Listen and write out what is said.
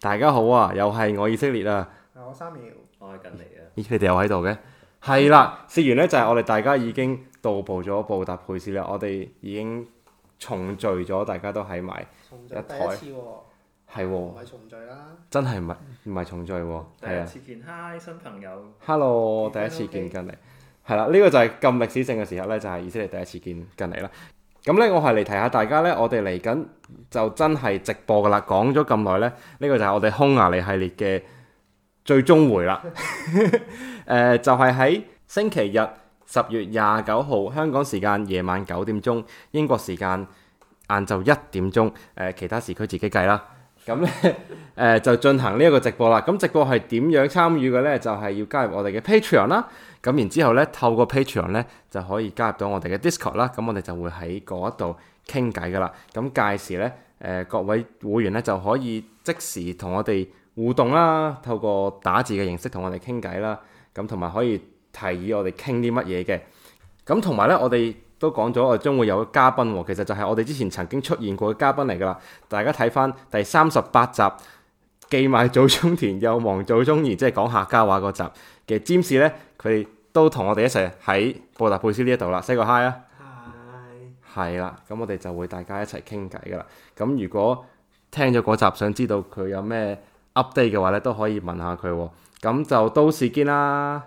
大家好啊，又係我以色列啊。我三秒，我係近嚟啊。咦，你哋又喺度嘅？係啦，食完咧就係我哋大家已經到步咗布達佩斯啦。我哋已經重聚咗，大家都喺埋。第一次喎。係喎。唔係重聚啦。真係唔係，唔係重聚喎。第一次見。嗨，新朋友。Hello，第一次見近嚟。係啦，呢個就係咁歷史性嘅時候咧，就係以色列第一次見近嚟啦。咁咧，我係嚟提下大家咧，我哋嚟緊。就真係直播噶啦，講咗咁耐呢，呢、呢個就係我哋匈牙利系列嘅最終回啦、 呃。就係、是、喺星期日十月廿九號香港時間夜晚九點鐘，英國時間晏晝一點鐘，呃，其他時區自己計啦。咁咧，誒就進行呢一個直播啦。咁直播係點樣參與嘅咧？就係要加入我哋嘅 Patreon 啦。咁然之後咧，透過 Patreon 咧就可以加入到我哋嘅 Discord 啦。咁我哋就會喺嗰度傾偈噶啦。咁屆時咧，誒、呃、各位會員咧就可以即時同我哋互動啦。透過打字嘅形式同我哋傾偈啦。咁同埋可以提議我哋傾啲乜嘢嘅。咁同埋咧，我哋，都講咗，我哋將會有個嘉賓喎、哦，其實就係我哋之前曾經出現過嘅嘉賓嚟噶啦。大家睇翻第三十八集，既賣祖宗田又忘祖宗言，即係講客家話嗰集嘅占士咧，佢都同我哋一齊喺布達佩斯呢一度啦。say 個 hi 啊！hi，係啦，咁我哋就會大家一齊傾偈噶啦。咁如果聽咗嗰集，想知道佢有咩 update 嘅話咧，都可以問下佢、哦。咁就到時見啦。